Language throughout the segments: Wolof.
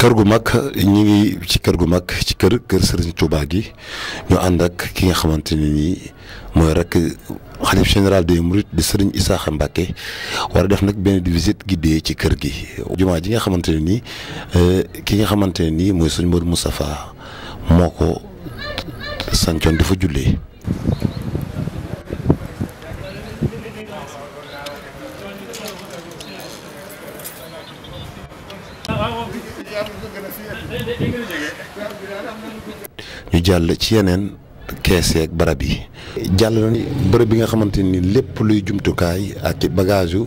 kër gu mag ñi ngi ci kër gu mag ci kër kër Serigne Touba gi ñu ànd ak ki nga xamante ne nii mooy rek xalif général des Mourides di Serigne Issakha Mbacké war a def nag benn visite guidée ci kër gi. jumaa ji nga xamante ne nii eh, ki nga xamante ne nii mooy Serigne Modou Moustapha moo ko sancoon dafa jullee. jàll ci yeneen kees yeeg barab yi. jàll na ni bërëb bi nga xamante ni lépp luy jumtukaay ak bagage yu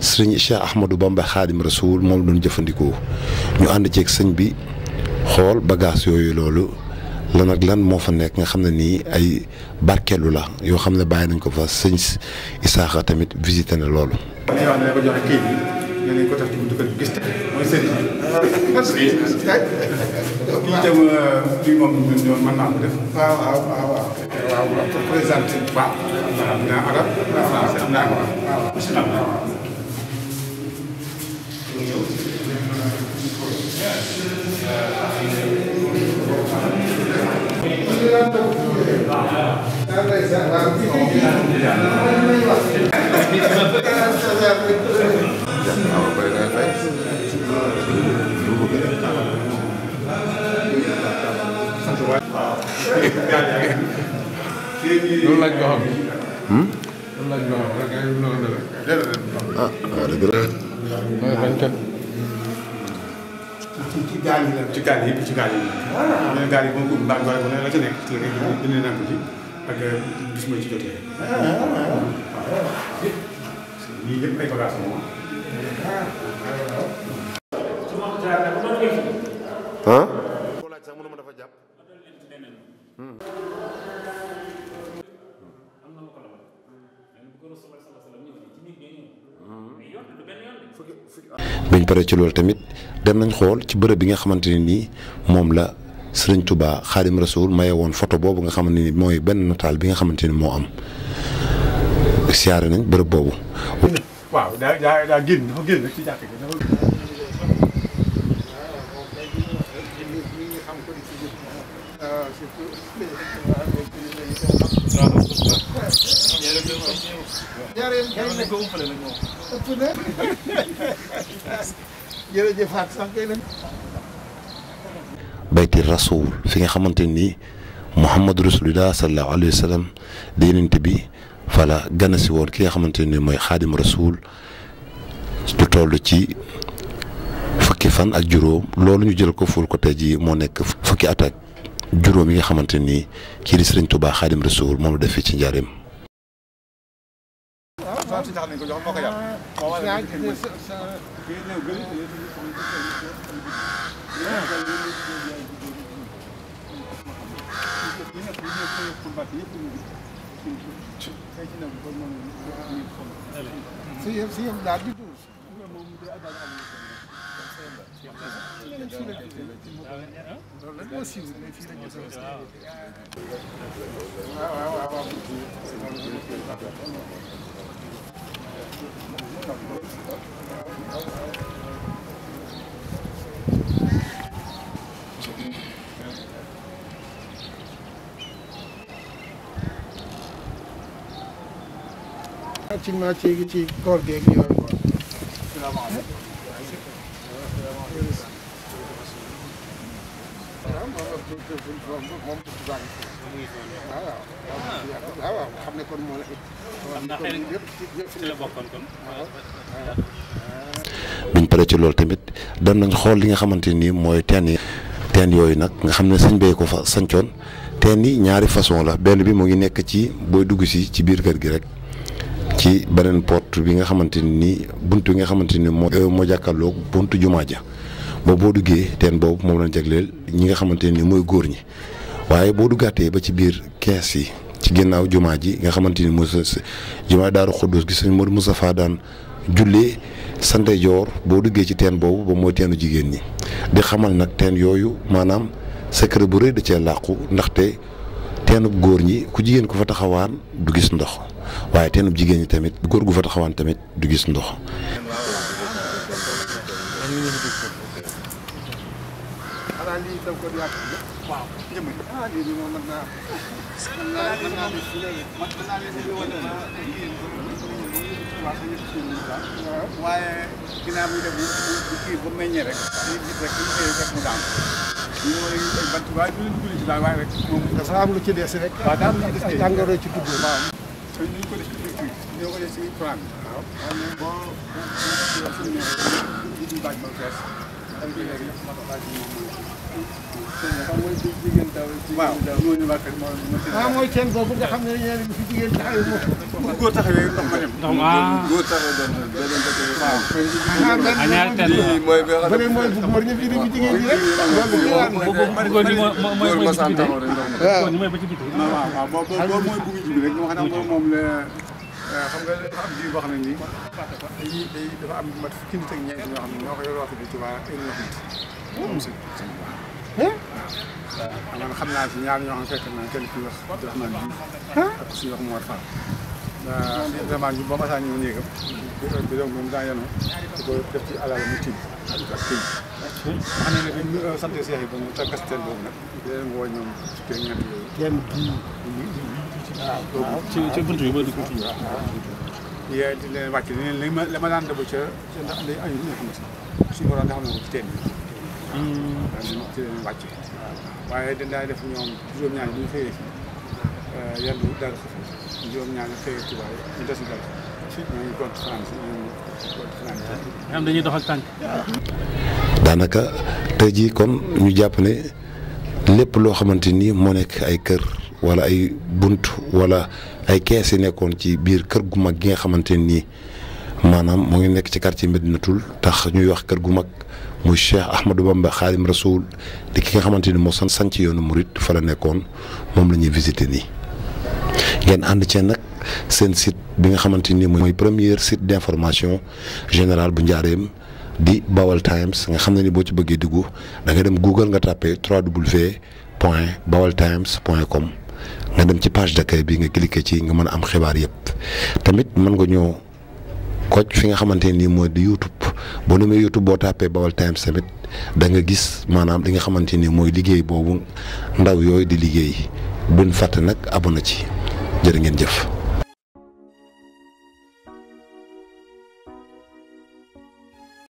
sëñ Cheikh Ahmadou Bamba Xaadim Rasoul moom doon jëfandikoo ñu ànd ceeg sëñ bi xool bagage yooyu loolu lan ak lan moo fa nekk nga xam ne nii ay barkeelu la yoo xam ne bàyyi nañ ko fa sëñ Isaaxa tamit visité na loolu. nee nañ ko tax ci buntu kër gis tey mooy sëriñ bi. parce que lii tam lii euh, moom ñun ñoom mën naa ko def. waaw waaw waaw waaw. waaw waaw pour présenter. waaw waaw dinaa arab. waaw waaw am naa ko waaw. macha allah. Thank you. waaw koy day fay loolu laaj ko xam. loolu laaj ah waaw dëgg la. mooy bañkat. ci ci gaal yi la ci gaal yi ci gaal yi. waaw xam gaal yi moom gudd mbaa waaye bu ne la ci nekk ci la ko bindee naa ko ci ak gis ma ci jotee. waaw. lii yëpp ay bagages ah. biñ paree ci loolu tamit dem nañ xool ci bërëb bi nga xamante ne nii moom la sëriñ Touba Xaadim Rasuul maye woon foto boobu nga xamante ni mooy benn nataal bi nga xamante ni moo am siyaare nañ bërëb boobu. waaw daa daa daa génn dafa fi nga xamante ni Muhammad rasulullah sallallahu alayhi wa sallam déenante bi. fala gana si woon ki nga xamante ni mooy xaadim rasuul lu toll ci fukki fan ak juróom loolu ñu jël ko ful ko tey jii moo nekk fukki at ak juróom yi nga xamante ni kii di sëriñ Tuubaa xaadim rasuul moom la def ci njaareem Seyir seyir daal di dugg. Waaw waaw waaw. ci ma ci paree ci loolu tamit danañ xool li nga xamante ni mooy teen yi. yooyu nag nga xam ne sëñ bee ko fa sancoon teen yi ñaari façon la benn bi mu ngi nekk ci booy dugg si ci biir kër gi rek. ci beneen port bi nga xamante ni bunt bi nga xamante ni moo euh, moo jàkkaarloog buntu jumaa ja ba boo duggee teen boobu moom lañ jagleel ñi nga xamante ni mooy góor ñi waaye boo duggaatee ba ci biir kees yi ci ginnaaw jumaa ji nga xamante ni mo jumaa daaru xuddus gi sëñ Modou Moustapha daan jullee sante boo duggee ci teen boobu ba mooy teenu jigéen ñi di xamal nag teen yooyu maanaam secret bu rëy da cee làqu ndaxte teenub góor ñi ku jigéen ko fa taxawaan du gis ndox waaye teenub jigéen ñi tamit góor gu fa taxawaan tamit du gis ndox. te ñu ko def ci culture ñoo ko def ci plan bi. waaw xam nga boo boo suñu ñëwee dañuy baaj ba mu waaw ñooñu waa kër moom mooy seen boobu nga xam ne ñaari bu fi jigéen taxawee moom. bu góor taxawee ndox ma dem. ndox ma góor taxawee doon doon doon dëkk bi. waaw xanaa ñaari teel la mooy bi nga xam ne mooy bu góor ñëpp indi bi jigéen ñi rek. loolu bu góor bu góor ñi mooy mooy mooy ba ci biti. waaw waaw waaw boobu mooy bu ji bi rek ñu wax ne moom moom la. waaw euh, xam nga dafa am jiw boo xam ne nii dañuy day dafa am mat fukki nit ak ñeent ñoo xam ne ñoo ko yor waxtu bi ci waa énu wax nit. moom sëñ sëñ bi waaw. waaw man xam naa si ñaar ñoo xam ne fekk naa kenn ku wax Abdourahmane Diouf hmm? ak suñu wax Mor Fall. waaw lii vraiment ñu ba Massa ñëw néegam. bi bi donc moom daa yenu di ko def ci alal mu tiim ak këy. xam ne bi ñu euh, sant Seex yi ba mu tàggat seen boobu nag. di leen woo ñoom ci kër ñett yooyu. kenn kii. waaw ci ci bunt yu bëri di ko tudd waaw. leen wàcc li ma li ma ca leen wàcc. waaye dañ daay def ñoom juróom-ñaar bu ñu juróom-ñaar yi xëyee Tuubaa ñu daanaka tey jii kon ñu jàpp ne lépp loo xamante nii moo nekk ay kër. wala ay bunt wala ay kees yi nekkoon ci biir kër gu mag gi nga xamante nii maanaam mu ngi nekk ci quartier Médinatoul tax ñuy wax kër gu mag muy Cheikh Ahmadou Bamba Xaadim Rasoul di ki nga xamante ni moo san sanc yoonu murit fa la nekkoon moom la ñuy visité nii ngeen ànd cee nag seen site bi nga xamante ni mooy premier site d'information général bu njaareem di Bawal Times nga xam ne ni boo ci bëggee dugg da nga dem Google nga tàppee www point bawal times point com nga dem ci page d'accueil bi nga cliquer ci nga mën a am xibaar yëpp tamit mën nga ñoo koj fi nga xamante ne nii mooy di YouTube boo demee YouTube boo tàppee Baol Times tamit da nga gis maanaam li nga xamante ni mooy liggéey boobu ndaw yooyu di liggéey buñ fàtte nag abonné ci jër ngeen jëf.